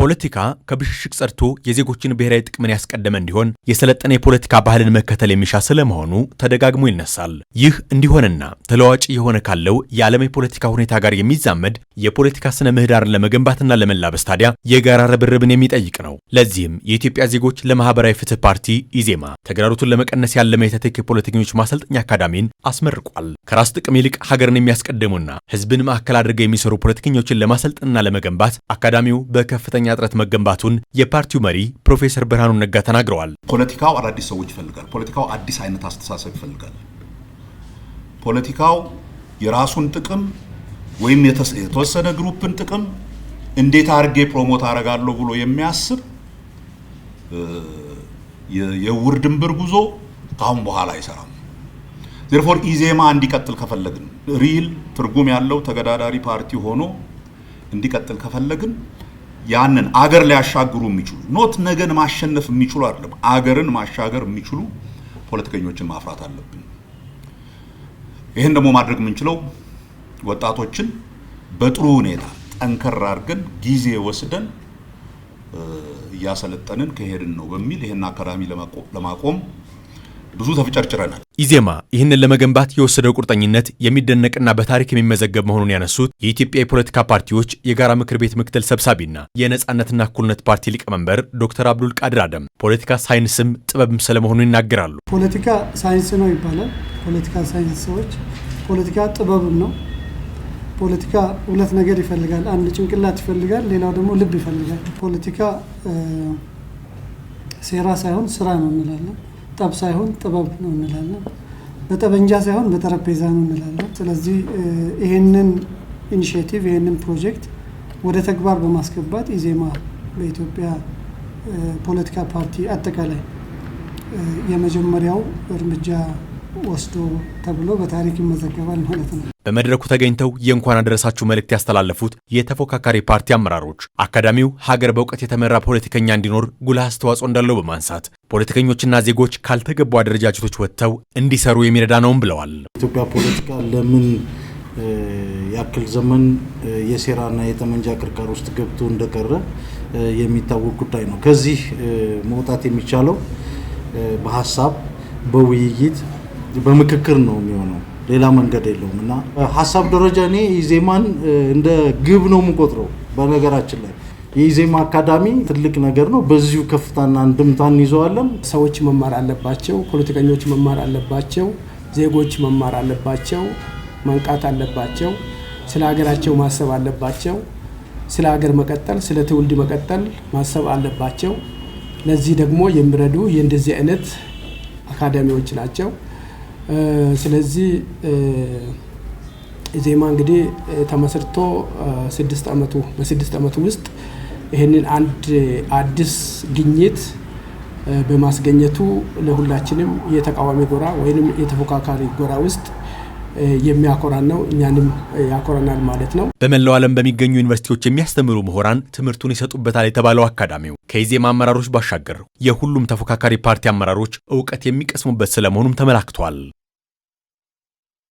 ፖለቲካ ከብሽሽቅ ጸድቶ የዜጎችን ብሔራዊ ጥቅምን ያስቀደመ እንዲሆን የሰለጠነ የፖለቲካ ባህልን መከተል የሚሻ ስለመሆኑ ተደጋግሞ ይነሳል። ይህ እንዲሆንና ተለዋጭ የሆነ ካለው የዓለም የፖለቲካ ሁኔታ ጋር የሚዛመድ የፖለቲካ ስነ ምህዳርን ለመገንባትና ለመላበስ ታዲያ የጋራ ርብርብን የሚጠይቅ ነው። ለዚህም የኢትዮጵያ ዜጎች ለማህበራዊ ፍትህ ፓርቲ ኢዜማ ተግዳሮቱን ለመቀነስ ያለመ የተተኪ የፖለቲከኞች ማሰልጠኛ አካዳሚን አስመርቋል። ከራስ ጥቅም ይልቅ ሀገርን የሚያስቀድሙና ህዝብን ማዕከል አድርገው የሚሰሩ ፖለቲከኞችን ለማሰልጠንና ለመገንባት አካዳሚው በከፍተኛ በከፍተኛ ጥረት መገንባቱን የፓርቲው መሪ ፕሮፌሰር ብርሃኑ ነጋ ተናግረዋል። ፖለቲካው አዳዲስ ሰዎች ይፈልጋል። ፖለቲካው አዲስ አይነት አስተሳሰብ ይፈልጋል። ፖለቲካው የራሱን ጥቅም ወይም የተወሰነ ግሩፕን ጥቅም እንዴት አድርጌ ፕሮሞት አደርጋለሁ ብሎ የሚያስብ የውር ድንብር ጉዞ ከአሁን በኋላ አይሰራም። ዜርፎር ኢዜማ እንዲቀጥል ከፈለግን ሪል ትርጉም ያለው ተገዳዳሪ ፓርቲ ሆኖ እንዲቀጥል ከፈለግን ያንን አገር ሊያሻግሩ የሚችሉ ኖት ነገን ማሸነፍ የሚችሉ አይደለም፣ አገርን ማሻገር የሚችሉ ፖለቲከኞችን ማፍራት አለብን። ይህን ደግሞ ማድረግ የምንችለው ወጣቶችን በጥሩ ሁኔታ ጠንከር አድርገን ጊዜ ወስደን እያሰለጠንን ከሄድን ነው በሚል ይህን አካዳሚ ለማቆም ብዙ ተፍጨርጭረናል። ኢዜማ ይህንን ለመገንባት የወሰደው ቁርጠኝነት የሚደነቅና በታሪክ የሚመዘገብ መሆኑን ያነሱት የኢትዮጵያ የፖለቲካ ፓርቲዎች የጋራ ምክር ቤት ምክትል ሰብሳቢና የነጻነትና እኩልነት ፓርቲ ሊቀመንበር ዶክተር አብዱል ቃድር አደም ፖለቲካ ሳይንስም ጥበብም ስለመሆኑ ይናገራሉ። ፖለቲካ ሳይንስ ነው ይባላል። ፖለቲካ ሳይንስ ሰዎች ፖለቲካ ጥበብም ነው። ፖለቲካ ሁለት ነገር ይፈልጋል። አንድ ጭንቅላት ይፈልጋል፣ ሌላው ደግሞ ልብ ይፈልጋል። ፖለቲካ ሴራ ሳይሆን ስራ ነው እንላለን። ጠብ ሳይሆን ጥበብ ነው እንላለን። በጠበንጃ ሳይሆን በጠረጴዛ ነው እንላለን። ስለዚህ ይህንን ኢኒሽቲቭ ይህንን ፕሮጀክት ወደ ተግባር በማስገባት ኢዜማ በኢትዮጵያ ፖለቲካ ፓርቲ አጠቃላይ የመጀመሪያው እርምጃ ወስዶ ተብሎ በታሪክ ይመዘገባል ማለት ነው። በመድረኩ ተገኝተው የእንኳን አደረሳችሁ መልእክት ያስተላለፉት የተፎካካሪ ፓርቲ አመራሮች አካዳሚው ሀገር በእውቀት የተመራ ፖለቲከኛ እንዲኖር ጉልህ አስተዋጽኦ እንዳለው በማንሳት ፖለቲከኞችና ዜጎች ካልተገቡ አደረጃጀቶች ወጥተው እንዲሰሩ የሚረዳ ነውም ብለዋል። ኢትዮጵያ ፖለቲካ ለምን ያክል ዘመን የሴራና የጠመንጃ ክርካር ውስጥ ገብቶ እንደቀረ የሚታወቅ ጉዳይ ነው። ከዚህ መውጣት የሚቻለው በሀሳብ፣ በውይይት፣ በምክክር ነው የሚሆነው ሌላ መንገድ የለውም እና ሀሳብ ደረጃ እኔ ኢዜማን እንደ ግብ ነው የምቆጥረው። በነገራችን ላይ የኢዜማ አካዳሚ ትልቅ ነገር ነው። በዚሁ ከፍታና እንድምታ እንይዘዋለን። ሰዎች መማር አለባቸው። ፖለቲከኞች መማር አለባቸው። ዜጎች መማር አለባቸው። መንቃት አለባቸው። ስለ ሀገራቸው ማሰብ አለባቸው። ስለ ሀገር መቀጠል፣ ስለ ትውልድ መቀጠል ማሰብ አለባቸው። ለዚህ ደግሞ የሚረዱ የእንደዚህ አይነት አካዳሚዎች ናቸው። ስለዚህ ኢዜማ እንግዲህ ተመስርቶ ስድስት ዓመቱ በስድስት ዓመቱ ውስጥ ይህንን አንድ አዲስ ግኝት በማስገኘቱ ለሁላችንም የተቃዋሚ ጎራ ወይም የተፎካካሪ ጎራ ውስጥ የሚያኮራን ነው። እኛንም ያኮራናል ማለት ነው። በመላው ዓለም በሚገኙ ዩኒቨርሲቲዎች የሚያስተምሩ ምሁራን ትምህርቱን ይሰጡበታል የተባለው አካዳሚው ከኢዜማ አመራሮች ባሻገር የሁሉም ተፎካካሪ ፓርቲ አመራሮች እውቀት የሚቀስሙበት ስለመሆኑም ተመላክቷል።